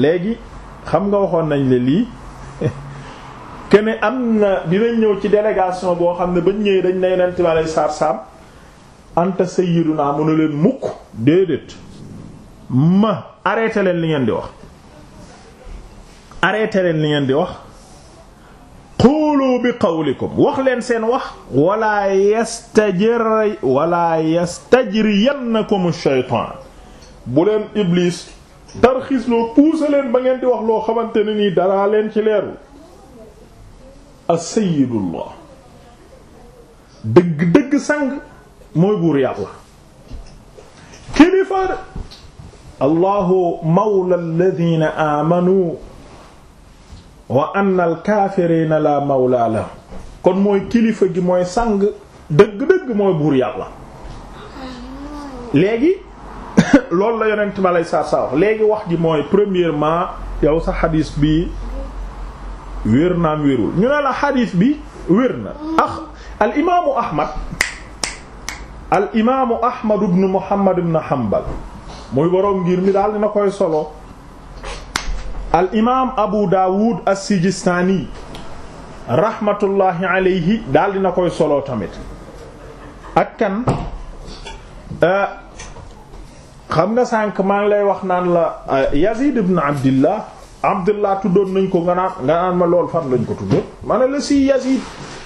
léegi xam nga waxoon nañ le lii que ne am na dinañ ñëw ci délégation boo xam ne bañ ñëwee dañ ne yonent bi alayhi salaatu salaam anta sayyiduna mu ne leen mukk déedéet ma arrêté leen li ngeen di wax arrêté leen li ngeen di wax qulu bi qawlikum wax leen seen wax wala yastajir wala yastajriyannakum ash-shaytaan bu leen iblis tarxiis loo puusa leen ba ngeen di wax loo xamante ne nii daraa leen ci leeru as-sayyidullah dëgg dëgg sang mooy buur yàlla kilifa allahu mawla alladhina amanu wa anna la mawla la kon mooy kilifa gi mooy sang dëgg dëgg mooy buur yàlla léegi loolu la yonent ma lay saa saa léegi wax ji mooy premièrement yow sa xadis bi wér naam ñu ne la xadis bi wér na ah al imaamu ahmad al imaamu ahmad ibn muhammad ibn hanbal muy boroom ngir mi daal dina koy solo al imaam abu daawud as-sijistaani rahmatullahi alayhi daal dina koy solo tamit ak kan euh, xam nga sànq maa ngi lay wax naan la euh, Yazid ibn Abdillah Abdillah tuddoon nañ ko nga naan nga naan ma lool fan lañ ko tuddoon ma ne la si Yazid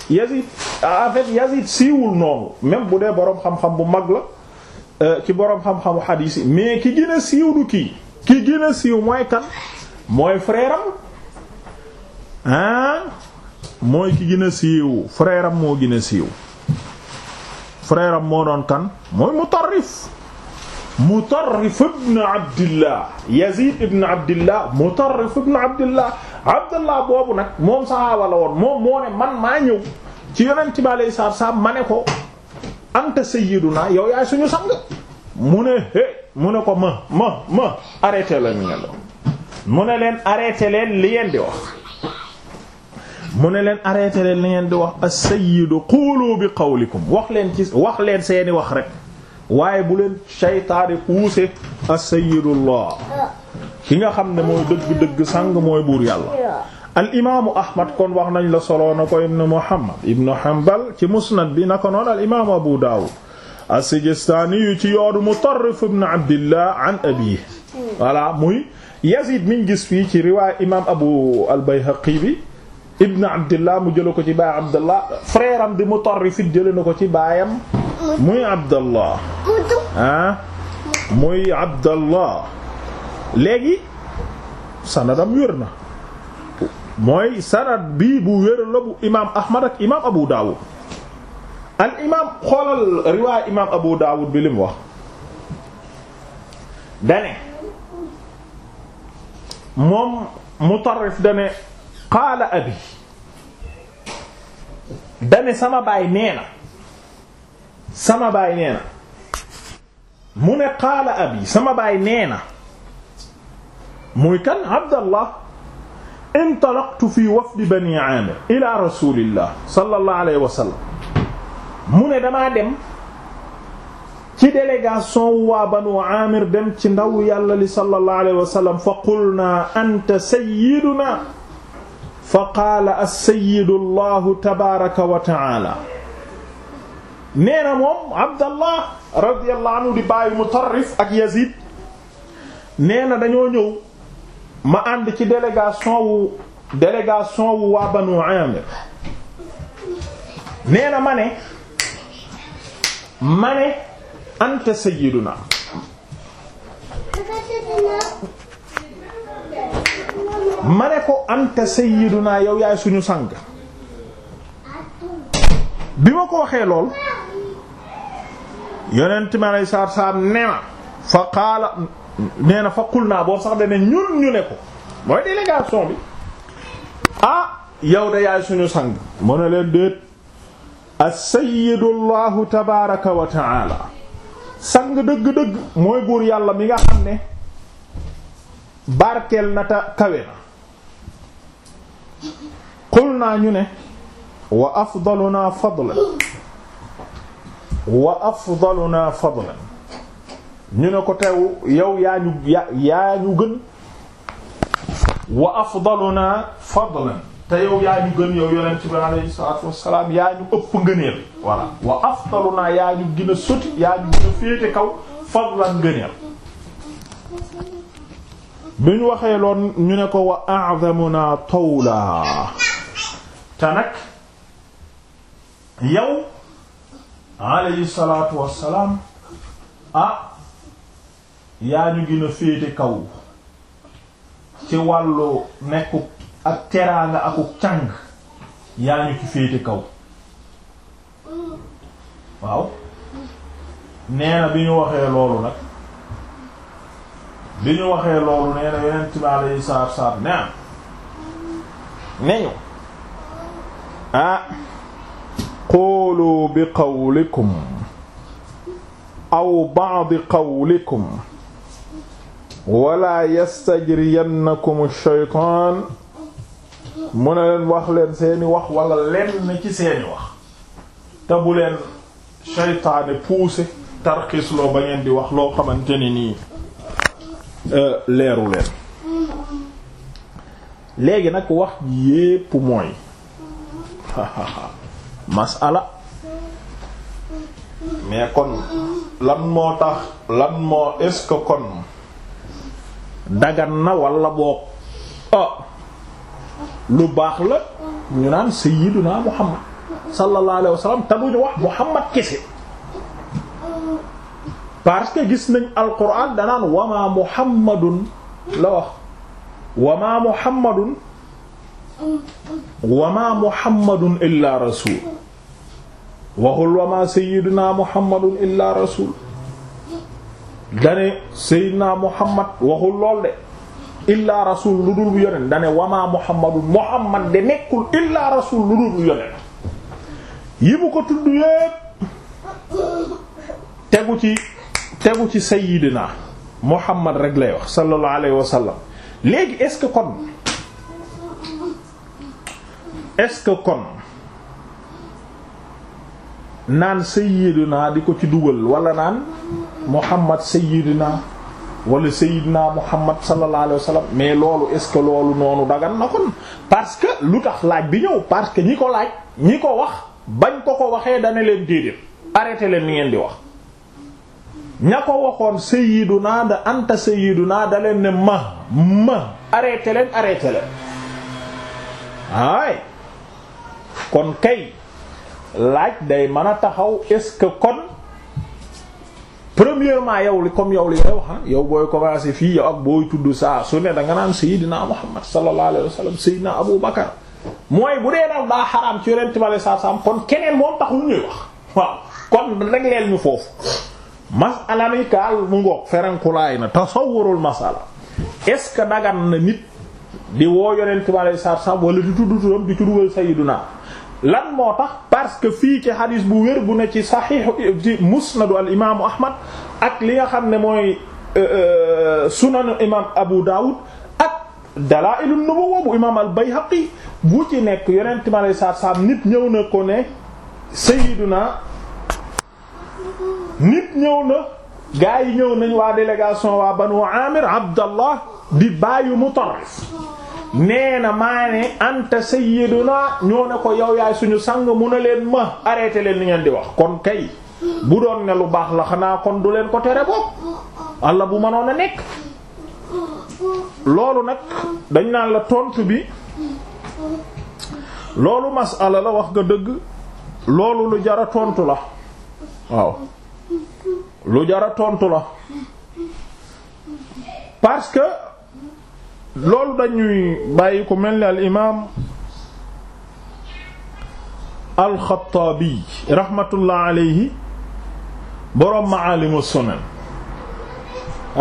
Yazid en fait Yazid siiwul noonu même bu dee boroom xam-xam bu mag la euh, ci boroom xam-xamu xadiis mais ki gën a siiw du kii ki gën a siiw mooy kan mooy frère mooy ki gën a siiw frère moo gën a siiw frère moo doon kan mooy Mutarrif mu Mutarrif ibn Abdillah Yazid ibn Abdillah Mutarrif ibn Abdillah Abdillah boobu nag moom saxaaba la woon moom moo man maa ñëw ci yonent bi alayhi salaatu salaam ma ne ko anta sayyiduna yow yaay suñu sang mu ne he mu ne ko ma ma ma arrêté la ñu ne leen arrêté leen li ngeen wax mu ne leen arrêté leen li ngeen di wax as-sayyidu qulu bi qawlikum wax leen ci wax leen seeni wax rek waaye bu leen seytaane puuse as-sayyidullah ki nga xam ne mooy dëgg-dëgg sang mooy buur yàlla al imaamu ahmad kon wax nañ la solo na ko ibnu muhammad ibnu hanbal ci musnad bi na ko noon al imaamu abu daawud as-sijistaani yu ci yooru mutarrif ibnu abdillah an abiih voilà muy yazid miñ gis fii ci abu al bayhaqi bi ibnu abdillah mu jëla ko ci baay abdillah frère am di mutarrif it jëla na ko ci baayam muy Abdallah muy Abdallah léegi sanadam wér na mooy sanad bii bu wér la bu imaam Ahmad ak Abu Dawud al imaam xoolal Abu Dawud bi lim wax dane moom Mutarrif dane qaala abi dane sama baay nee sama baay nee na mu ne qaala abi sama baay nee na muy kan abdallah intalaqtu fi wafdi bani amir ila rasulillah sallallahu alayhi wa sallam mu ne damaa dem ci délégation waa banu amir dem ci ndaw yàlla li sallallahu alayhi wa sallam fa qulna anta sayyiduna fa qaala as-sayyidu allahu tabaaraka wa ta'aala nee na moom abdallah radiyallahu anhu di bàyyi Mutarrif ak Yazid nee na dañoo ñëw ma ànd ci délégation wu délégation wu waa Banu Amir nee na ma ne ma ne anta sayyiduna ma ne ko anta sayyiduna yow yaay suñu sang bi ma ko waxee lool yonent ma lay saar saar ne ma fa qaala nee fa qul naa boo sax dane ñun ñu ne ko mooy délégation bi ah yow de yaay suñu sang mu ne leen déet as-sayyidullahu tabaaraka wa ta'ala sang dëgg-dëgg mooy buur yàlla mi nga xam ne barkeel na ta kawe na qul naa ñu ne wa afdaluna fadlan wa afdaluna fadlan ñu ne ko tew yow yaa ñu yaa ñu gën wa afdaluna fadlan te yow yaa ñu gën yow yonent bi alayhi salaatu wassalaam yaa ñu ëpp ngëneel voilà wa afdaluna yaa ñu gën a soti yaa ñu gën a féete kaw fadlan ngëneel bi ñu waxee loon ñu ne ko wa a'zamuna tawla te nag yow alayhi salaatu wassalaam ah yaa ñu gën féete kaw ci wàllu nekku ak teraanga akuk càng yaa ñu ci féete kaw waaw nee bi ñu waxee loolu nag bi ñu waxee loolu nee na yonent bi alayhi salaatu wassalaam ne nañu ah quulu bi qawlikum aw ba'di qawlikum wala yastajriyannakum shaytaan mu ne leen wax leen seeni wax wala lenn ci seeni wax te bu leen shaytaane poussé tarxiis loo ba ngeen di wax loo xamante ni nii euh, leeru leen léegi nag wax ji yépp mooy masala mais kon lan moo tax lan moo est-ce que kon dagan na wala boo ah lu baax la ñu naan sayyiduna muhammad sallallahu alayhi wa sallam te duñu wax muhammad kese parce que gis nañ alquran danaan wama muhammadun la wax wama muhammadun wama muhammadun illa rasul waxul wa ma sayyiduna muhammadun illa rasul dane sayyiduna muhammad waxul lool de illa rasul lu dul bu dane wa ma muhammad de nekkul illa rasul lu dul bu yonent ko tudd yépp tegu ci tegu ci sayyidina muhammad rek lay wax sallallahu alayhi wa léegi est-ce que kon ce que kon naan naa di ko ci dugal wala naan muhammad sayyidina wala sayyidina muhammad sallallahu alayhi wa sallam mais loolu est ce que loolu noonu dagan na kon parce que lu tax laaj bi ñëw parce que ñi ko laaj ñi ko wax bañ ko ko waxee dana leen déedéet arrêté leen ni ngeen di wax ña ko waxoon sayyiduna da anta sayyiduna da leen ne ma ma arrêté leen arrêté leen ay kon kay laaj day man a taxaw est que kon premièrement yow li comme yow li ngay wax ah, yow booy commencé fii yow ak booy tudd saa su ne da nga naan Seydina Muhammad sallallahu alayhi wa sallam Seydina Abu Bakar mooy bu dee daal daa xaraam ci yonent bi saa saam kon keneen moom taxul ñuy wax waaw kon rek leen ñu foofu. masala mi kaal mu ngoog ferenkulaay na tasawurul masala est-ce que dagan na nit di woo yonent bi saa saam wala di tudd turam di tuddal Seydina. lan moo tax parce que fii ci xadis bu wér bu ne ci saxiixu ci musnadu al imaamu ahmad ak li nga xam ne mooy euh, euh, sunanu imam abu daawud ak dalaa'ilu nubuwwa bu imam al bayhaqi bu ci nekk yonent mi alayhi salaatu salaam nit ñëw na ko ne sayyiduna nit ñëw na gaa yi ñëw nañ waa délégation waa banu amir abdallah di bàyyu mutarrif nee na maa ne anta sayyiduna ñoo ne ko yow yaay suñu sang mu ne leen ma arrêté leen li ngeen di wax kon kay bu doon ne lu baax la xanaa kon du leen ko tere bopp allah bu mënoon a nekk loolu nag dañ naan la tontu bi loolu masala la wax nga dëgg loolu lu jara tontu la waaw lu jara tontu la parce que loolu dañuy bàyyi ku mel ni al imaam alxataabi rahmatullah aleyhi boroom maalimu sunan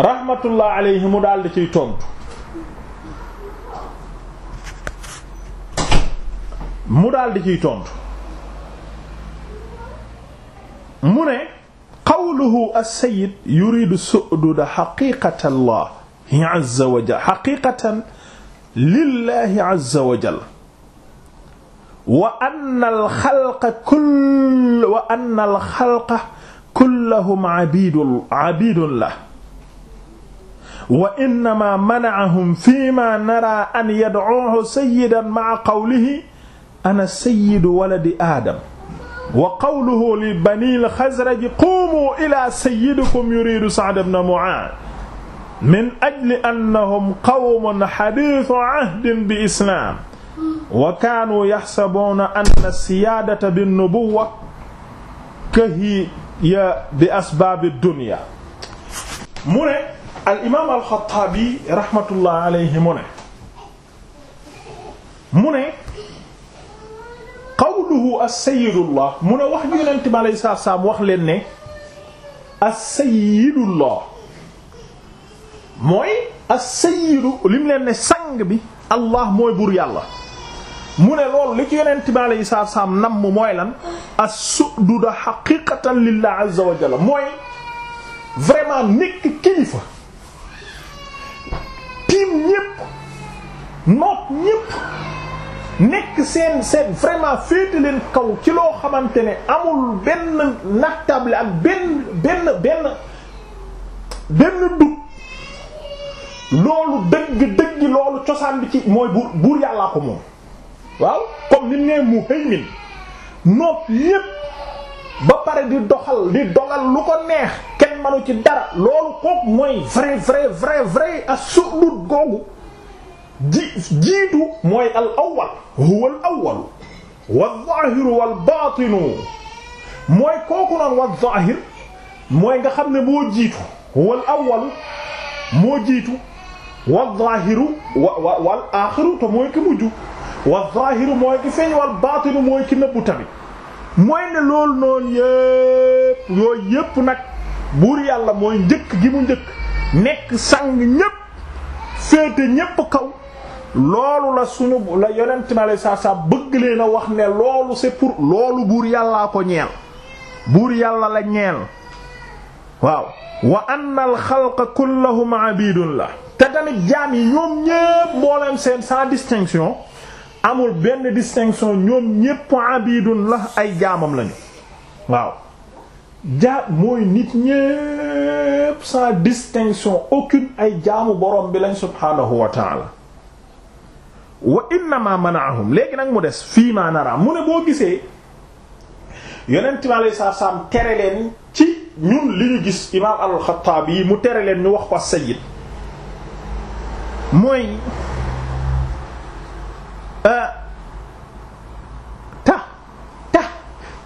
rahmatullah aleyhi mu daldi ciy tontu mu daldi ciy tontu mu ne qawluhu as-sayyid yuridu su'duda haqiqatallah azza wa jal xaqiqatan lillahi azza wa jal wa anna alxalqa kull wa anna alxalqa kullahum abidun abidun la wa innama mana'ahum fima nara an yad'uuhu sayyidan ma'a qawlihi ana sayyidu waladi aadam wa qawluhu li bani al-Xasraj qumu ila sayyidikum yuridu Sa'd ibn Mu'aaz min ajli annahum qawmun xadiisu ahdin bi islaam wa kaanu yaxsabuuna anna siyaadata binnubuwwa kahiya bi asbaabi dunya mu ne al imaam alxattaabi rahmatullah aleyhi mu ne mu ne qawluhu as-sayyidullah mu ne wax ju Yonent bi alayhi salaam wax leen ne as-sayyidullah mooy as-sayyidu lim leen ne sang bi allah mooy buur yàlla mu ne loolu li ci yonent bi alayhi salaatu salaam nam mooy lan as-sududa haqiqatan lillah azza wa mooy vraiment nekk kilifa tiim ñépp noot ñépp nekk seen seen vraiment féete leen kaw ci loo xamante ne amul benn nattable ak benn benn benn benn dugg loolu dëgg dëgg loolu cosaan bi ci mooy buur buur yàllaa ko moom waaw comme ni nee muhaymin nopp yépp ba pare di doxal di dogal lu ko neex kenn manu ci dara loolu kooku mooy vrai vrai vrai vrai ak sudut googu ji jiitu mooy al awwal huwa al awwal wal zaahiru baatinu mooy kooku noonu wal zaahir mooy nga xam ne moo jiitu huwa al moo jiitu wa zaahiru wa wa wal aaxiru mooy ki mujj wa zaahiru mooy ki feeñ wal baatinu mooy ki nëbbu tamit mooy ne loolu noonu yépp yooyu yépp nag buur yàlla mooy njëkk gi mu njëkk nekk sang ñépp féete ñépp kaw loolu la suñu la yonent mi alayhi salaatu salaam bëgg leen wax ne loolu c'est loolu buur yàllaa ko ñeel buur yàlla la ñeel waaw wa anna al kullahum abidun la te tamit jaam yi ñoom ñépp mbooleem seen sans distinction amul benn distinction ñoom ñépp abidun la ay jaamam lañu waaw jaam mooy nit ñépp sans distinction aucune ay jaamu borom bi lañ subhaanahu wa taala wa manaahum léegi nag mu des fii ma nara mu ne boo gisee yonent mi alayhi salaam tere leen ci ñun li ñu gis imaam al-Xattaabi mu tere leen ñu wax ko sayyid mooy euh, ta ta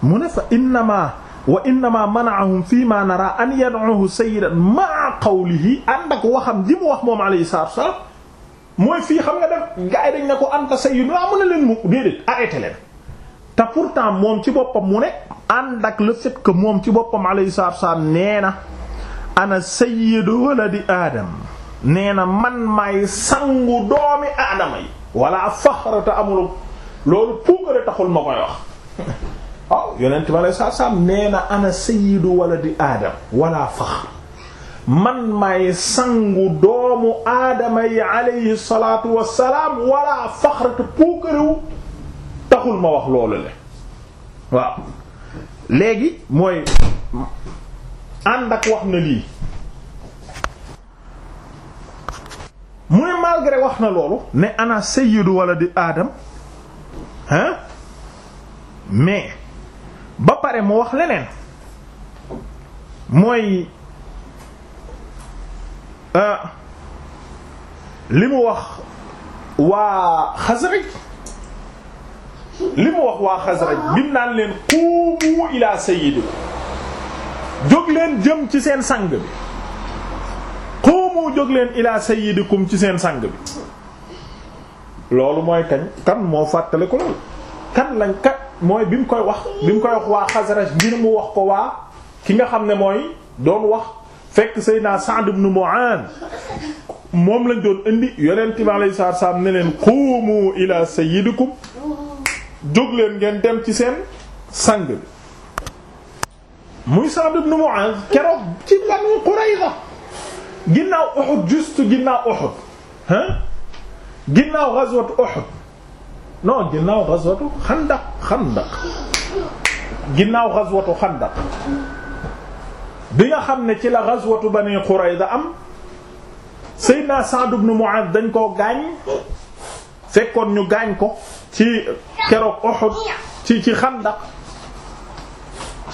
mu ne fa innama wa innama mana'ahum fii ma nara an yad'uhu sayyidan ma'a qawlihi ànd waxam ji wax moom alayhi salaatu wa mooy fii xam nga def gaa yi ko anta sayyid waa mën a leen mu déedéet arrêté leen te pourtant moom ci boppam mu ne ànd ak moom ci boppam alayhi salaatu wa salaam nee na ana sayyidu waladi aadam nee na man maay sangu doomi aadama yi wala faxrata amul loolu puukare taxul ma koy wax waaw yonent bi alei sat salaam nee ana sayyidu waladi aadam wala faxr man may sangu doomu aadama yi alayhi salatu wasalaam wala faxrata puukarewu taxul ma wax loolu le waaw léegi mooy ànd ak wax na lii mu ne wax na loolu ne ana sayyidu wala di aadam hein mais ba pare mu wax leneen mooy euh, li mu wax waa Xasraj li mu wax waa Xasraj bim naan leen qumu ila sayyidu jóg leen jëm ci seen sang bi qoomu jóg leen ilaa sayyidikum ci seen sang bi loolu mooy kañ kan moo fàttale ko loolu kan lañ kat mooy bi mu koy wax bi mu koy wax waa Xasraj ngir mu wax ko waa ki nga xam ne mooy doon wax fekk Seydina Sa'd ibn Mu'adh moom lañ doon indi yonent bi alayhi salaatu salaam ne leen qumu ila sayyidikum jóg leen ngeen dem ci seen sang bi muy Sa'd ibn Mu'adh keroog ci Banu Qurayza ginnaaw Uhud juste ginnaaw Uhud hein ginnaaw ghazwat Uhud non ginnaaw ghazwatu xandaq xandaq ginnaaw ghazwatu xandaq bi nga xam ne ci la ghazwatu Bani Qurayza am Seydina Sa'd ibn Mu'adh dañ koo gaañ fekkoon ñu gaañ ko ci keroog Uhud ci ci xandaq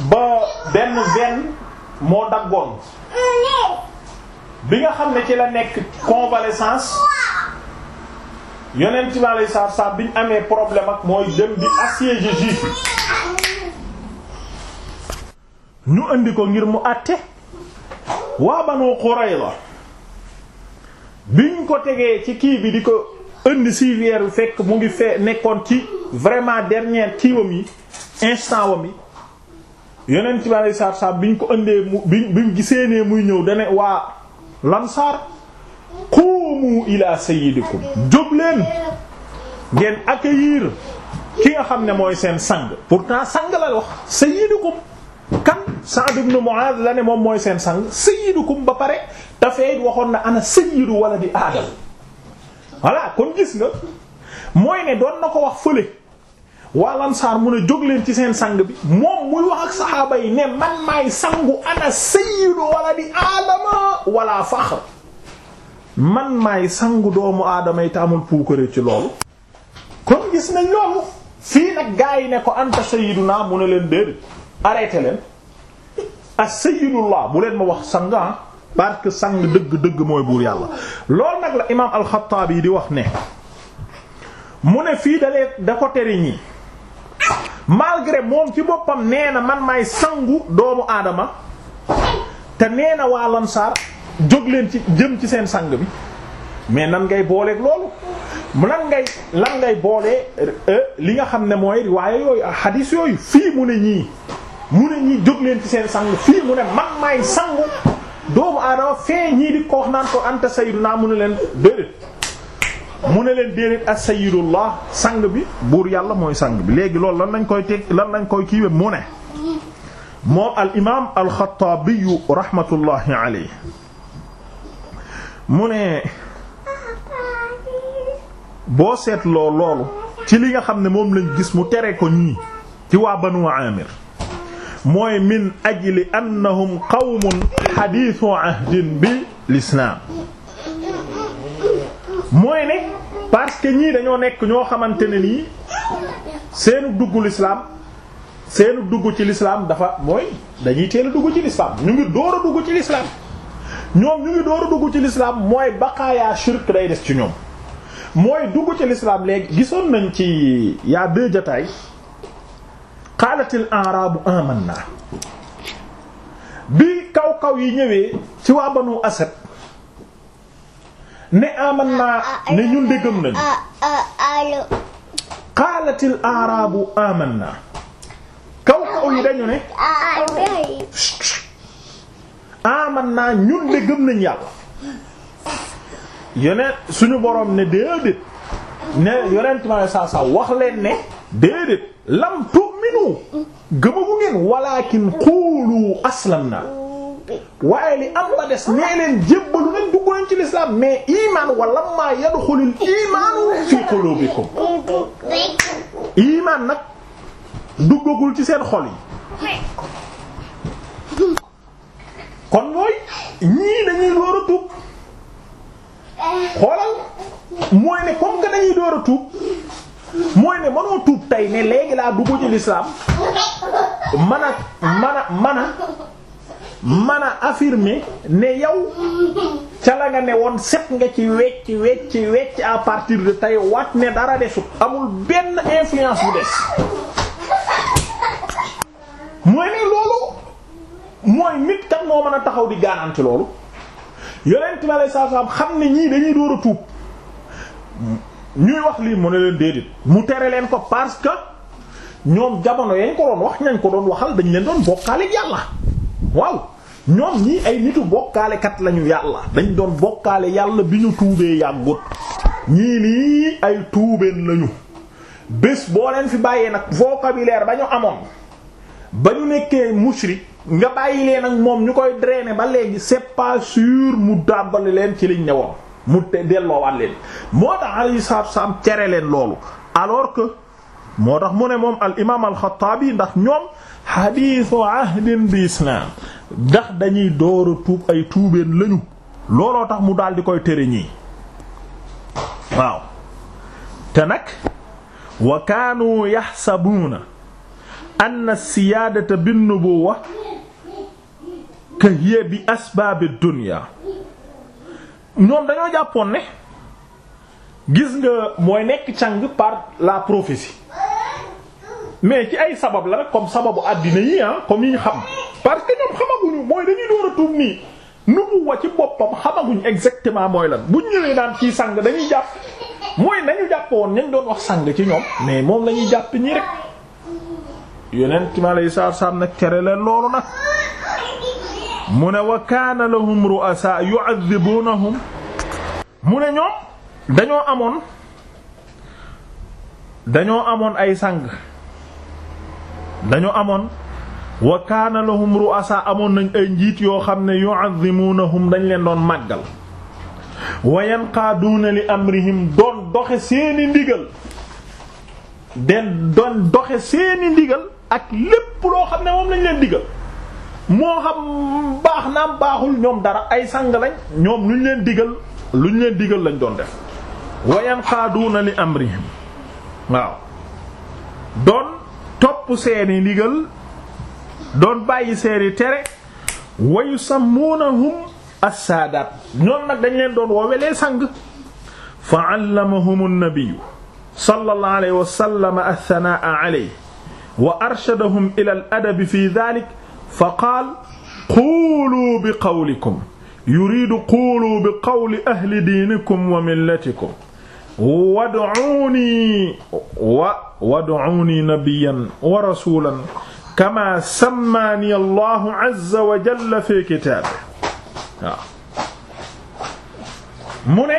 ba benn benn moo daggoon bi nga xam ne ci la nekk convalescence yonent bi alayhi salaatu salaam bi ñu amee problème ak mooy dem di assiéger juif yi ñu indi ko ngir mu àtte waa la bi ñu ko tegee ci kii bi di ko indi civière fekk mu ngi fee nekkoon ci vraiment dernier kiiwam yi instant wam yi yonent bi alayhi biñ ko indee mu biñ biñ gisee ne muy ñëw dane waa lansaar qumu ila sayyidikum jóg ngeen accueillir ki nga xam ne mooy seen sang pour pourtant sang la wax sayyidukum kan Sa'd ibn Mu'adh la ne moom mooy seen sang sayyidukum ba pare dafay waxoon na ana sayyidu wala di aadam voilà kon gis nga mooy ne doon na ko wax fële waa lansaar mu ne jóg leen ci seen sang bi moom muy wax ak saxaaba yi ne man maay sangu ana sayyidu wala di aadama wala faxr man maay sangu doomu aadama yi te amul puukare ci loolu kon gis nañ loolu fii nag gaa yi ne ko anta sayyiduna mu ne leen déedéet arrêté leen as sayyidullah bu leen ma wax sang ah que sang dëgg-dëgg mooy buur yàlla loolu nag la imaam alxattaabi di wax ne mu ne fii dalee da ko tere ñi malgré moom ci boppam nee na man maay sangu doomu aadama te nee na waa lansaar jóg leen ci jëm ci seen sang bi mais nan ngay booleeg loolu nan ngay lan ngay boolee euh, li nga xam ne mooy riwaaya yooyu ak xadiis yooyu fii mu ne ñii mu ne ñii jóg leen ci seen sang fii mu ne man may sangu doomu aadama fee ñii di ko wax naan ko anta naa mu ne leen déedéet mu ne leen déedéet as-sayyidullah sang bi buur yàlla mooy sang bi léegi loolu lan lañ koy teg lan lañ koy kiiwe mu ne moom al imaam al-Xattaabi mu ne boo seetloo loolu ci li nga xam ne moom lañ gis mu tere ko ñii ci waa Banu Aamir mooy min ajli annahum qawmun xadiisu ahdin bil islaam mooy ne parce que ñii dañoo nekk ñoo xamante ne nii seeni dugg l'islam seeni dugg ci l'islam dafa mooy dañuy teel dugg ci l'islam ñu ngi ci l'islam ñoom ñu ngi door dugg ci l'islam mooy baqaayaa shirk day des ci ñoom mooy dugg ci l'islam léegi gisoon nañ ci yaa deux jataay qaalatil arabu amanna bi kaw kaw yi ñëwee ci waa banu asad ne amanna ne ñun de gëm nañu qaalatil aaraabu amanna kaw kaw yi dañu ne amanna ñun de gëm nañ yàlla yeneen suñu boroom ne déedéet ne yonent ma saa saa wax leen ne déedéet lam tu'minu gëmagu ngeen walakin quulu aslamna waaye li am la des nee leen jébbalu nañ dugg ci lislaam mais iman wala ma yadxulul iman ko qulubikum iman nag duggagul ci seen xol yi kon mooy ñii dañuy door a tuub xoolal mooy ne comme que dañuy door a tuub mooy ne mënoo tuub tey ne léegi laa dugg ci lislaam man a man man a affirmer ne yow ca la nga ne woon set nga ci wecc wecc wecc à partir de tey waat ne dara desut amul benn influence bu des mooy ne loolu mooy nit kan moo mën a taxaw di garanti loolu yonent bi saa saam xam ne ñii dañuy door a tuub ñuy wax lii mu ne leen déedéet mu tere leen ko parce que ñoom jamono yañ ko doon wax ñañ ko doon waxal dañ leen doon bokkaale yàlla waaw ñoom ñii ay nitu bokkaalekat lañu yàlla dañ doon bokkaale yàlla bi ñu tuubee yàggut ñii nii ay tuubeen lañu bés boo leen fi bàyyee nag vocabulaire ba ñu amoon ba ñu nekkee mushrik nga bàyyi leen ak moom ñu koy drainer ba léegi c'est pas mu dàbbali leen ci liñ ñëwoon mu delloowaat leen moo tax alayhi salaatu wassalaam cere leen loolu alors que moo tax mu ne moom al imaam al ndax ñoom xadiisu ahdin bi islaam ndax dañuy dooru tuub ay tuubeen lañu looloo tax mu daal di koy tere ñii waaw te nag wa kaanu yaxsabuuna anna siyaadata binnubuwa ka hiya bi asbaabi dunya ñoom dañoo jàppoon ne gis nga mooy nekk càng par la prophétie mais ci ay sabab la rek comme sababu àddina yi ah comme yi ñu xam parce que ñoom xamaguñu mooy dañuy door a tuub nii nubuwa ci boppam xamaguñ exactement mooy lan buñ ñëwee naan kii dañuy jàpp mooy nañu jàpp woon nañ doon wax sang ci ñoom mais moom lañuy jàpp ñii rek yonent mi alayhi salaatu salaam nag tere leen loolu nag mu ne wa kaana lahum ru'asa yu'adhibunahum mu ne ñoom dañoo amoon dañoo amoon ay sang dañu amoon wa kaana lahum ru'asa amoon nañ ay njiit yoo xam ne yu'azzimunahum dañ leen doon màggal wa yanqaaduuna li amrihim doon doxe seeni ndigal den doon doxe seeni ndigal ak lépp loo xam ne moom lañ leen digal moo xam baax naam baaxul ñoom dara ay sang lañ ñoom luñ leen digal lu ñu leen digal lañ doon def wa yanqaaduuna li amrihim waaw topp seeni ndigal doon bàyyi seeni tere wa yusammuunahum as-saadaat ñoom nag dañ leen doon woowelee sang fa allamahum an-nabiyyu sallallahu alayhi wa sallam ath-thanaa'a alayhi wa arshadahum ila al-adabi fi dhaalika fa qaala quuluu bi qawlikum yuriidu quuluu bi qawli ahli diinikum wa millatikum wad'uuni wa wad'uuni nabiyyan wa rasuulan kamaa sammaani Allahu fi kitaabihi waaw mu ne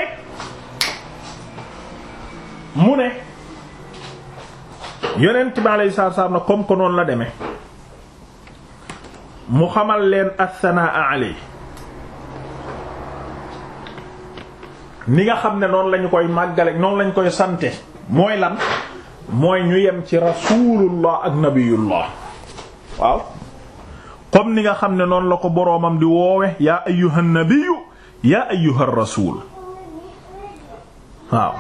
mu ne yonent bi alayhi la deme mu xamal leen as-sanaa alayhi ni nga xam ne noonu lañu koy màggale noonu lañu koy sante mooy lan mooy ñu yem ci rasulullah ak nabiyullah waaw comme ni nga xam ne noonu la ko boroomam di woowe yaa ayyuhan nabiyyu yaa ayyuhar rasul waaw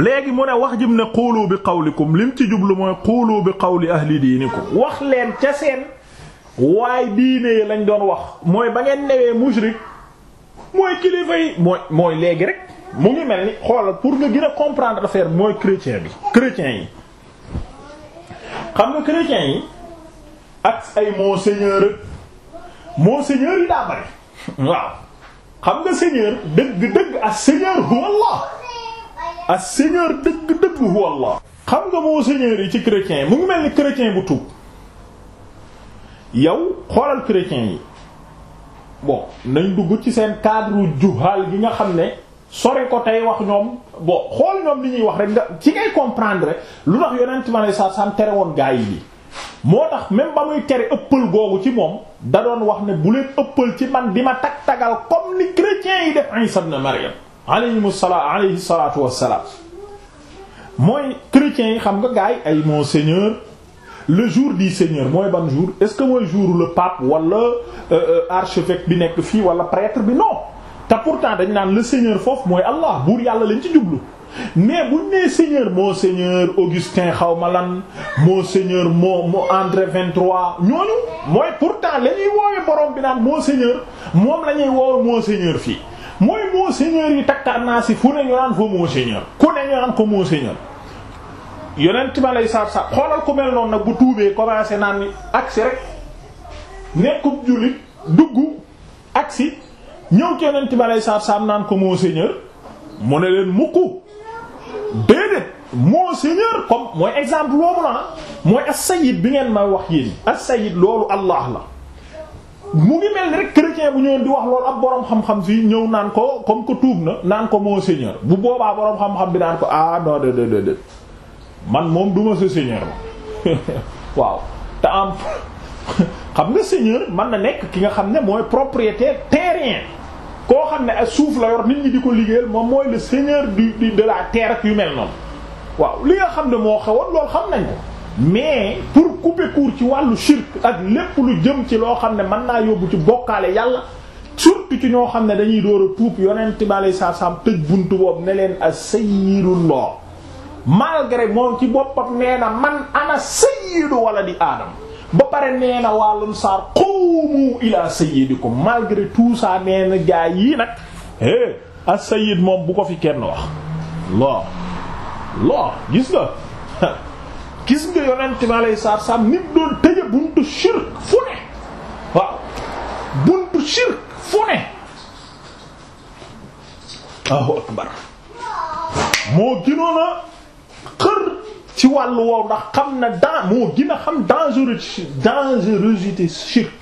léegi mu ne wax jëm ne qulu bi qawlikum lim ci jublu mooy qulu bi qawli ahli diinikum wax leen ca seen waaye diine yi lañ doon wax mooy ba ngeen newee mushrik mooy kilifa yi mooy mooy léegi rek mu ngi mel ni xoolal pour nga gën a comprendre affaire mooy chrétien bi chrétien yi xam nga chrétien yi ak ay monseigneur monseigneur yi daa bari waaw xam nga seigneur dëgg dëgg ak seigneur huwa Allah ak seigneur dëgg dëgg huwa Allah xam nga monseigneur yi ci chrétien yi mu ngi mel ni chrétien bu tuub yow xoolal chrétien yi bon nañ dugg ci seen cadre juhal gi nga xam ne sori ko tey wax ñoom bon xool ñoom li ñuy wax rek nga ci ngay comprendre lu tax yonent ma ne sa san tere woon gaa yi bi moo tax même ba muy tere ëppal googu ci moom da doon wax ne bu leen ëppal ci man bi ma tag tagal comme ni chrétiens yi def Isa ibn Maryam alayhi salaam alayhi salaatu wassalaam mooy chrétiens yi xam nga gaa ay monseigneur le jour du Seigneur mooy ban jour est-ce que mooy jour le pape wala euh, euh, archevêque bi nekk fii wala prêtre bi non te pourtant dañu naan le Seigneur foofu mooy Allah buur yàlla lañ ci jublu mais buñ nee Seigneur monseigneur Augustin xawma lan monseigneur moo mo André 23 ñooñu mooy pourtant la ñuy woowe borom bi naan moo monseigneur moom la ñuy woowe monseigneur fii mooy monseigneur yi takkaar naa si fu ne ñu naan fa monseigneur ku ne ñu naan ko monseigneur yonent ma lay saab saab xoolal ku mel noonu nag bu tuubee commencé naan agsi rek nekkub jullit dugg agsi ñëw ci yonent ma lay saab saab naan ko monseigneur mu ne leen mukk déedéet monseigneur comme mooy exemple boobu la mooy as-sayyid bi ngeen may wax yéen as loolu Allah la mu ngi mel ni rek chrétien bu ñëwoon di wax loolu ab boroom xam-xam fii ñëw naan ko comme ko tuub na naan ko monseigneur bu boobaa boroom xam-xam bi naan ko ah non de de man moom duma sa waaw te am xam nga seigneur mën na nekk ki nga xam ne mooy propriétaire terrien koo xam ne ak suuf la yor nit ñi di ko liggéeyal moom mooy le seigneur du de la terre ak yu mel noonu waaw li nga xam ne moo xewoon loolu xam nañ ko mais pour couper court ci wàllu shirk ak lépp lu jëm ci loo xam ne mën naa yóbbu ci bokkaale yàlla surtout ci ñoo xam ne dañuy door a tuub yonent bi alei saatu tëj buntu boobu ne leen a as-sayyidullah malgré moom ci boppam nee na man ana sayyidu waladi aadam ba pare nee na wàllum saar qumu ila sayyidikum malgré tout ça nee na gaa yii nag é eh, as sayyid moom bu ko fi kenn wax loo loo gis nga gis nga yonent mi alayhi salaatu salaam nit doon tëje buntu shirk fu ne waaw buntu shirk fu ne moo ginoona xër ci wàllu woow ndax xam na dan moo gën a xam dangereux dangerosité shirk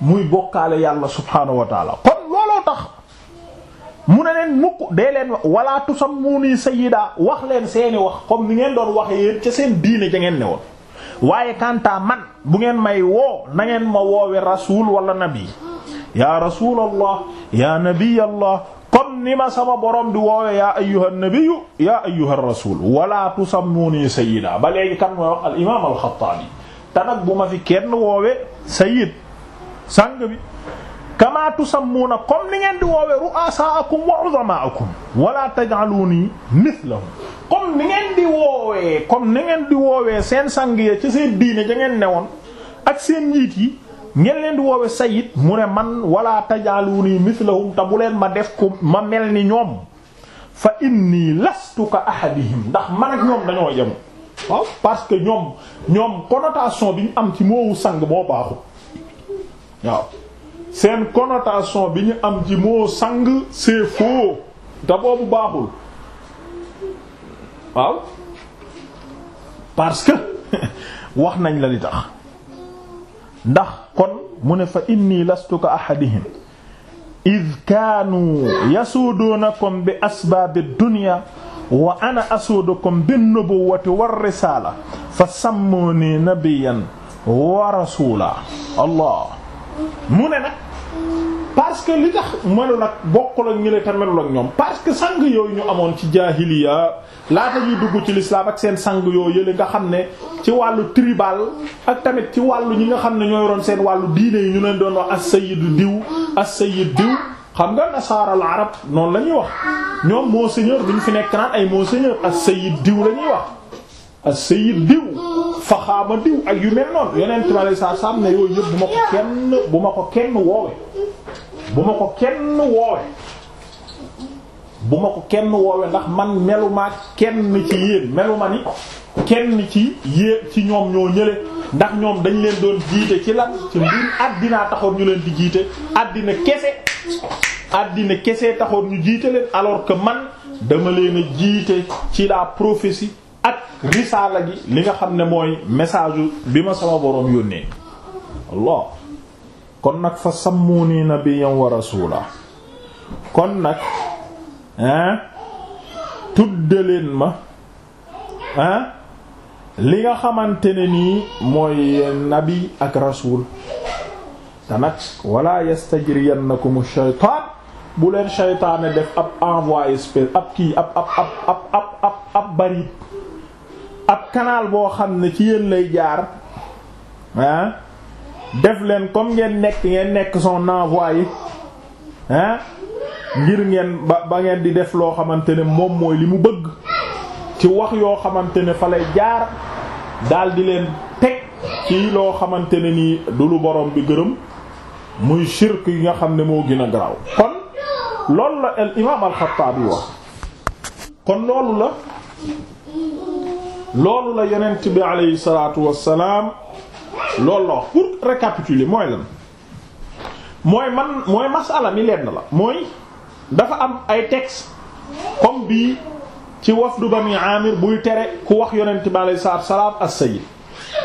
muy bokkaale yàlla subhaanahu wa kon looloo tax mu ne leen mukk dee leen wala tusammuni sayida wax leen seeni wax comme ni ngeen doon waxe yéen ca seen diine ja ngeen ne woon waaye kantaa man bu ngeen may woo nangeen ma woowe rasuul walla nabi ya rasul allah ya comme ni ma sama borom di woowe yaa ayyuha nabiyyu yaa ayyuha rasul wala tusammuni sayyida ba léegi kan mooy wax al bu ma fi kenn woowe sayyid sang bi kama tusammuuna comme ni ngeen di woowe ru'asaakum wa uzamaakum wala taj'aluni mithlahum comme ni ngeen di woowe seen sang ya ci seen diine ja ngeen newoon ak seen njiit ngeen leen di woowe sayid mu ne man wala tajaaluni mislahum te bu leen ma def ko ma mel ni ñoom fa inni lastu ka ahadihim ndax man ak ñoom dañoo yem waaw parce que ñoom ñoom connotation bi ñu am ci moowu sang moo baaxul waaw bi ñu am ci moo sang c'est te boobu baaxul waaw parce que wax nañ la li tax ndax kon mu ne fa inni lastu ka ahadihim id kaanu yasuuduunakum bi asbaabi dunya wa ana asuudukum bi nubuwati war risaala fa sammuuni nabiyan wa rasuula allah mu ne nag parce que li tax melul nag bokkul ak ñële te melul ñoom parce que sang yooyu ñu amoon ci jaahiliya laata ñuy dugg ci lislaam ak seen sang yooyu yële nga xam ne ci wàllu tribal ak tamit ci wàllu ñi nga xam ne ñoo yoroon seen wàllu diine yi ñu neen doon wax as-sayyidu diw as-sayyid diw xam nga nasaara arab noonu la ñuy wax ñoom monseigneur duñ fi nekk naan ay monseigneur as-sayyid diw la ñuy wax as-sayyid diw faxaama diw ak yu mel noonu yeneen tubaab yi saa ne bu ma ko bu ma ko kenn woowe bu ma ko kenn woowe bu ma ko kenn woowe ndax man meluma kenn ci yéen meluma ni kenn ci yéen ci ñoom ñoo ñële ndax ñoom dañ leen doon jiite ci lan ci mbir àddinaa taxoon ñu leen di jiite àddina kese àddina kese taxoon ñu jiite leen alors que man dama leen a jiite ci la prophétie ak risaala gi li nga xam ne mooy message bi ma sama boroom yónnee Allah kon nag fa sammuni nabiyyan wa rasula kon nag hein tudde ma hein li nga xamante ne nii mooy nabi ak rasul te nag wala yastajriyannakum shaytaan bu leen shaytaane def ab envoyé spécial ab kii ab ab ab ab ab ab ab barit ab canal boo xam ne ci yéen lay jaar hein def leen comme ngeen nekk ngeen nekk son envoyé hein ngir ngeen ba ba ngeen di def loo xamante ne moom mooy li mu bëgg ci wax yoo xamante ne fa lay jaar daal di leen teg ci loo xamante ne nii du lu borom bi gërëm muy shirk yi nga xam ne moo gën a garaaw kon loolu la al imaam alxataabi wax kon loolu la loolu la yonent bi aleyhi salaatu wassalaam loolu la wax pour récapituler mooy lan mooy man mooy masala mi lenn la mooy dafa am ay tex comme bii ci wafdu bani amir buy tere ku wax yonent bi alayhi salaatu salaam as-sayyid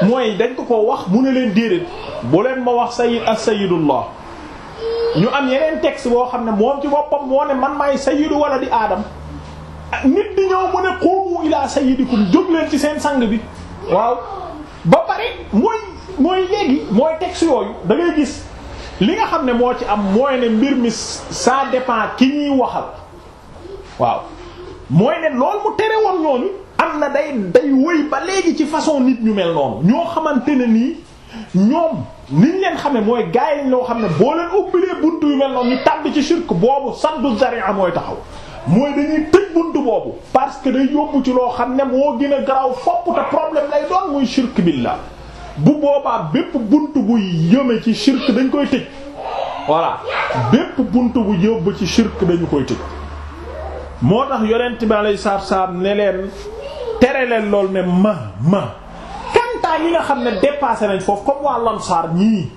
mooy dañ ko ko wax mu ne leen déedéet bu leen ma wax sayyid ak sayyidullah ñu am yeneen tex boo xam ne moom ci boppam moo ne man maay sayyidu wala di aadam nit di mu ne qumu ila sayyidikum jóg ci seen sang bi waaw ba pare mooy mooy léegi mooy texte yooyu da ngay gis li nga xam ne moo ci am mooy ne mbir mi ça dépend ki ñuy waxal waaw mooy ne loolu mu tere woon ñooñu am na day day wëy ba léegi ci façon nit ñu mel noonu ñoo xamante ne nii ñoom niñ leen ne mooy gaay yi ñoo xam ne boo leen ubbilee bunt yu mel noonu ñu tàbb ci shirk boobu saddu zari'a mooy taxaw mooy dañuy tëj buntu boobu parce que day yóbbu ci loo xam ne moo gën a garaaw fopp te problème lay doon muy shirk bu boobaa bépp bunt bu yëme ci shirk dañ koy tëj voilà bépp bunt bu yóbbu ci shirk dañu koy tëj moo tax yonent bi lay salaatu salaam ne leen tere leen lool ne ma ma kantaa yi nga xam ne dépassé nañ foofu comme waa Ansaar ñii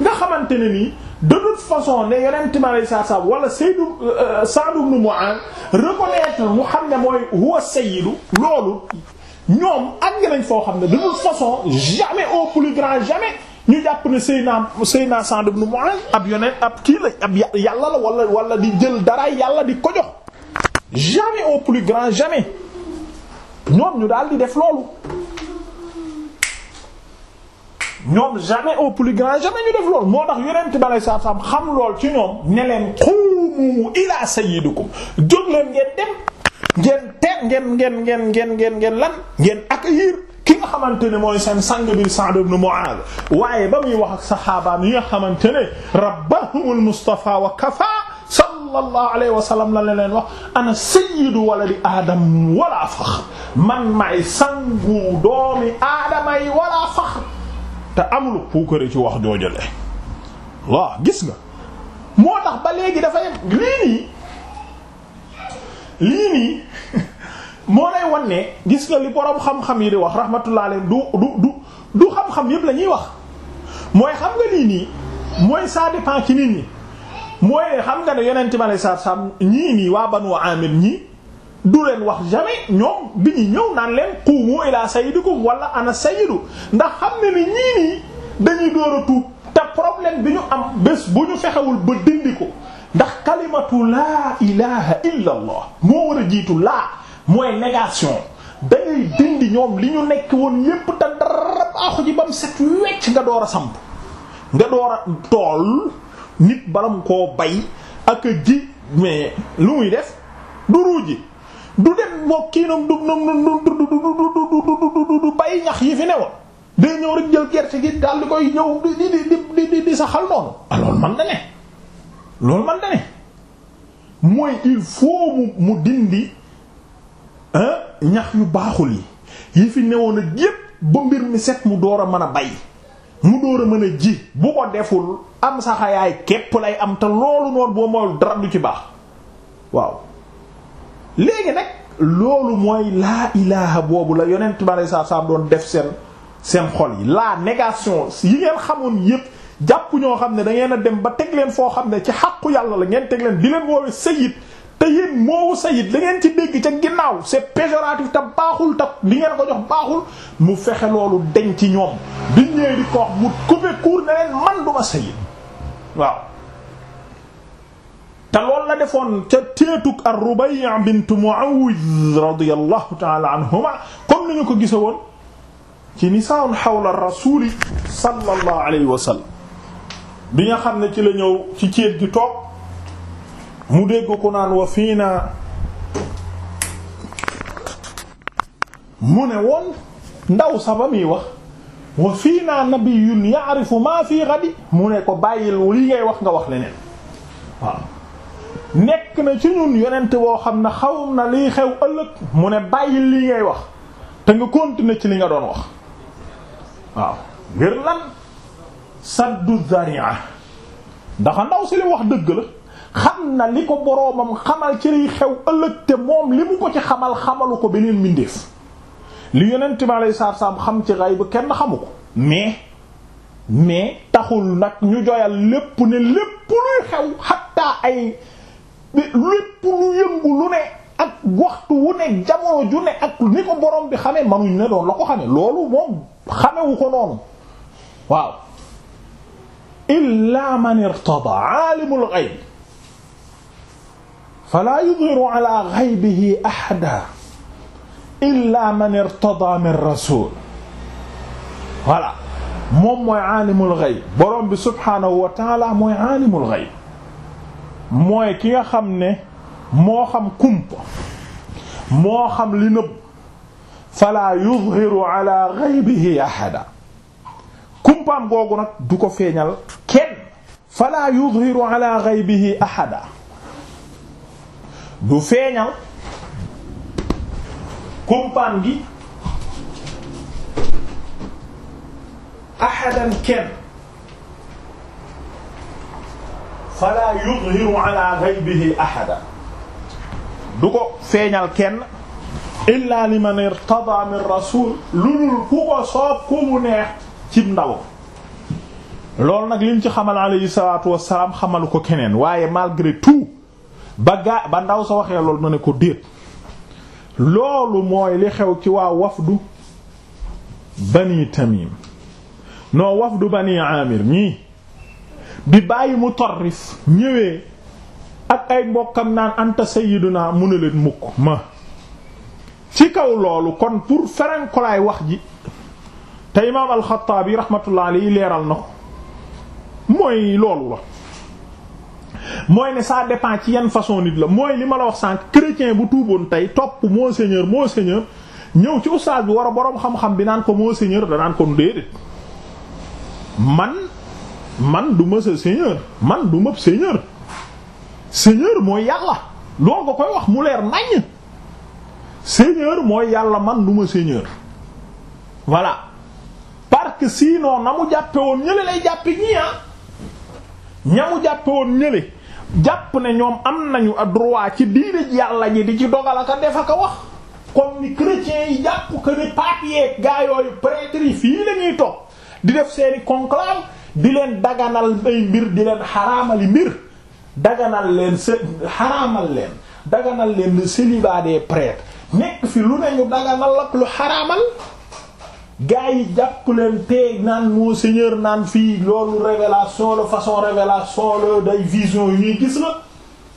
nga xamante ne nii de façon ne yonent bi alayhi salaatu salaam wala Sayyidu euh, Sa'd ibn Mu'adh reconnaître mu xam ne mooy huwa sayyidu loolu ñoom am nañ foo xam ne de toute façon jamais au plus grand jamais ñu jàpp ne Seyna Seyna Sa'd ibn Mu'adh ab yonent ab kii la yàlla la wala wala di jël dara yàlla di ko jox jamais au plus grand jamais ñoom ñu daal di def loolu ñoom jamais au plus grand jamais ñu def loolu moo tax yonent ba lay saab saab xam lool ci ñoom ne leen xuumu ilaa sayyidikum jóg leen ngeen dem ngeen teg ngeen ngeen ngeen ngeen ngeen ngeen lan ngeen accueillir ki nga xamante ne mooy seen sang bi Sa'd ibn Mu'adh waaye ba muy wax ak saxaabaam yi nga xamante ne rabbahumul Mustafa wa kafaa sallallahu alayhi wa sallam la leen wax ana sayyidu waladi aadam wala faxr man maay sangu doomi aadama yi wala faxr te amul puukare ci wax joojale waaw gis nga moo tax ba léegi dafa yem lii lii nii moo lay wan ne gis nga li borom xam-xam yi di wax rahmatullah alayhim du du du du xam-xam yëpp la ñuy wax mooy xam nga lii nii mooy ça dépend ci nit ñi mooy xam nga ne yonent ma lay sar sam ñii nii waa Banu Amir ñii du leen wax jamais ñoom bi ñu ñëw naan leen qumu di ko wala ana sayyidu ndax xam ne ni ñii nii dañuy door a tuub te bi ñu am bés bu ñu fexewul ba dindi ko ndax kalimatu laa ilaha illa moo war a jiitu laa mooy négation dangay dindi ñoom li ñu nekk woon yépp te dara baaxu ji bam set wecc nga door a samp nga door a tool nit balam koo bay ak ji mais lu muy def du ruuji du dem boo kiinam dum nam num du du bay ñax yi fi newoon day ñëw rek gerte gi daal koy ñëw di di di di di saxal noonu alors man na ne loolu man da ne mooy il faut mu dindi ñax yu baaxul yi yi fi newoon ak yépp ba mbir mi set mu door a mën a bay mu door a mën a ji bu ko deful am saxayaay képp lay am te loolu noonu boo mooy dara du ci baax waaw léegi nag loolu mooy laa ilaaha boobu la yonent bi alei satu doon def seen seen xol yi laa négation yi ngeen xamoon yépp jàpp ñoo xam ne dangeen a dem ba teg leen foo xam ne ci xàqu yàlla la ngeen teg leen di leen woowe sayid te moo moowu sayid la ngeen ci dégg ca ginnaaw c'est péjoratif te baaxul ta li ngeen ko jox baaxul mu fexe loolu deñ ci ñoom di ñëwee di ko wax ku couper court ne leen man duma sayid waaw te loolu la defoon ca teetug ar-Rubay' bint Mu'awwidh radiyallahu ta'ala anhuma comme ni ñu ko gisa woon ci nisaa'un hawla ar-rasuli sallallahu alayhi bi nga xam ne ci la ñëw ci céet gi toog mu dégg ku naan wa fii naa mu ne woon ndaw sa muy wax wa fii naa nabiyun ya'rifu maa fii ghadi mu ne ko bàyyil li ngay wax nga wax leneen waaw nekk na ci ñun yonent boo xam ne xaw na li xew ëllëg mu ne bàyyil li ngay wax te nga continuer ci li nga doon wax waaw ngir lan saddu zari'a ndax ndaw si li wax dëgg la xam na li ko boroomam xamal ci liy xew ëllëg te moom li mu ko ci xamal xamalu ko beneen mbindeef li yonent bi alayhi salaatu salaam xam ci gayb kenn xamu ko mais mais taxul nag ñu joyal lépp ne lépp luy xew xattaa ay lépp lu yëngu lu ne ak waxtu wu ne jamono ju ne ak ni ko borom bi xame manuñ ne doon la ko xamee loolu moom xamewu ko noonu waaw illa man irtada aalimul gayb falaa yudhiru ala gaybihi ahada illa man irtada min rasul voilà moom mooy aalimul gayb borom bi subhaanahu wa taala mooy aalimul gayb mooy ki nga xam ne moo xam kumpa moo xam li nëbb falaa yudhiru ala gaybihi ahada kumpaam googu nag ko feeñal kenn fala yudhiru ala ghaybihi ahada du feeñal kumpaam gi ahadan kenn fala ala ghaybihi ahada du ko feeñal kenn illa liman irtada min rasul lulul ku ko soob neex cib ndawam nag liñ ci xamal alayhi salaatu wassalaam xamalu ko keneen waaye malgré tout ba gaa ba ndaw sa waxee loolu na ne ko déet loolu mooy li xew ci waa wafdu bani tamim noo wafdu bani amir ñii bi bàyyi mu torrif ñëwee ak ay mbokkam naan anta sayyiduna mu ne mukk ma ci kaw loolu kon pour ferenkolaay wax ji te imaam alxataabi rahmatullah alayhi leeral na ko mooy loolu la mooy ne ça dépend ci yan façon nit la mooy li ma la wax sànq chrétien bu tuuboon tey topp moo monseigneur ñëw ci ustaas bi war a boroom xam-xam bi naan ko monseigneur danaan ko déedéet man man du ma sa seigneur man du ma seigneur seigneur mooy yàlla loolu nga koy wax mu leer naññ seigneur mooy yàlla man du ma seigneur voilà que sinon na mu jàppe lay jàppe ñii ah ña jàpp ne ñoom am nañu droit ci diine yàlla ñi di ci dogal aka def wax comme yi jàpp que ne pape yeeg prêtre fii la ñuy toog di def seeni conclave di leen daganal mbir di leen xaraamali mbir daganal leen se xaraamal leen daganal leen nekk fi lu ne ñu daganal ak lu xaraamal gaa yi jàpp leen teeg naan moo seigneur naan fii loolu révélation la façon révélation la day vision yu ñuy gis la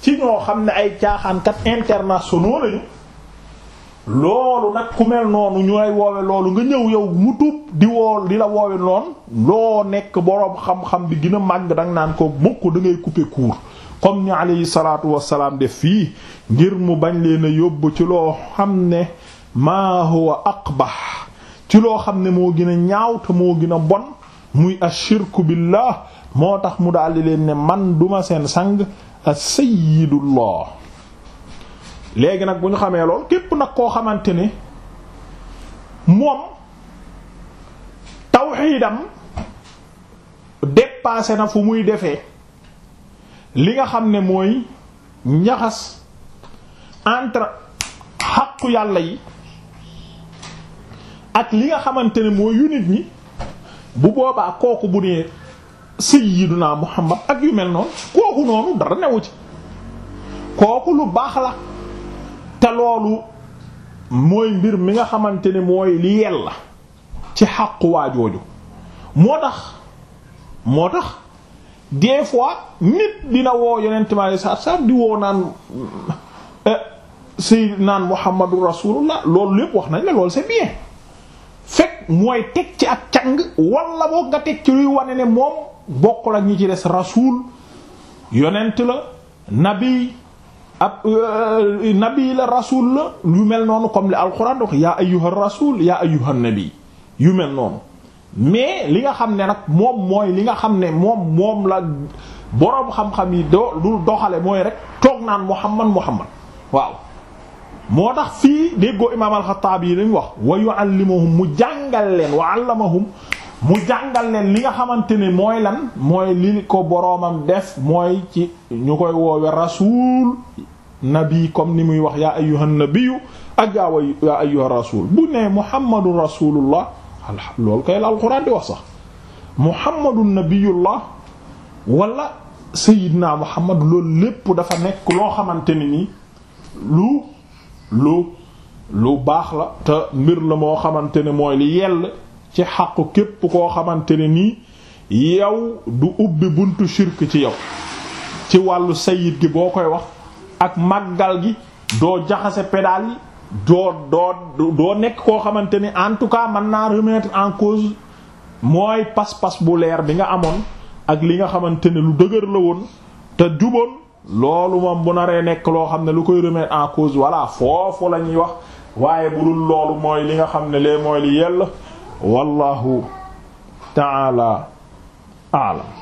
ci ñoo xam ne ay caaxaankat internationaux lañu loolu nag ku mel noonu ñooy woowe loolu nga ñëw yow mu tub di woo di la woowe loon loo nekk boroom xam-xam bi gën a màgg danga naan ko mukk da ngay couper court comme ni alayhi salaatu wasalaam def fii ngir mu bañ leen yóbbu ci loo xam ne maa huwa ba ci loo xam ne moo gën a ñaaw te moo gën a bon muy ashirku billah moo tax mu daldi leen ne man duma seen sang as-sayyidullah léegi nag bu ñu xamee lool képp nag koo xamante ne moom tawxiidam dépassé na fu muy defee li nga xam ne mooy njaxas entre xaqu yàlla yi ak li nga xamante ne mooy yu nit ñi bu boobaa kooku bu nee sayyiduna muhammad ak yu mel noonu kooku noonu dara newu ci kooku lu baax la te loolu mooy mbir mi nga xamante ne mooy li yella ci xàqu waajooju moo tax moo tax des fois nit dina woo yonent ma sa sax di woo naan eh, sayyidina muhammadu rasulullah loolu lépp wax nañ la loolu c'est bien fekk mooy teg ci ak càng wala boo nga teg ci luy wane ne moom bokkul ak ñi ci des rasuul yonent la nabi ab euh, nabi la rasul la yu mel noonu comme li alquran dox yaa ayyuha rasul yaa ayyuha nabi yu mel noonu mais li nga xam ne nag moom mooy li nga xam ne moom moom la boroom xam-xam yi doo dul doxale mooy rek toog naan muhammad muhammad waaw moo tax fii déggoo imaam alxataabi yi lañ wax wa yuallimuhum mu jàngal leen wa allamahum mu jàngal leen li nga xamante ne mooy lan mooy li ko boroomam def mooy ci ñu koy woowe rasuul nabi comme ni muy wax yaa ayyuhan nabiyyu ak yaa way yaa ayyuhar rasul bu ne muhammadun rasulullah loolu kay la alquran di wax sax muhammadun nabiyullah walla sayyidna muhammad loolu lépp dafa nekk loo xamante ne ni lu lu lu baax la te mbir la moo xamante ne mooy li yell ci xaqu képp koo xamante ne nii yow du ubbi buntu shirk ci yow ci wàllu sayit gi boo koy wax ak maggal gi doo jaxase pédale yi doo doo doo nekk koo xamante ni en tout cas mën naa remettre en cause mooy pas-pas bu leer bi nga amoon ak li nga xamante ne lu dëgër la woon te juboon loolu moom bu naree nekk loo xam ne lu koy remettre en cause voilà foofu la ñuy wax waaye bu dul loolu mooy li nga xam ne lee mooy li yell wallahu ta'ala a'lam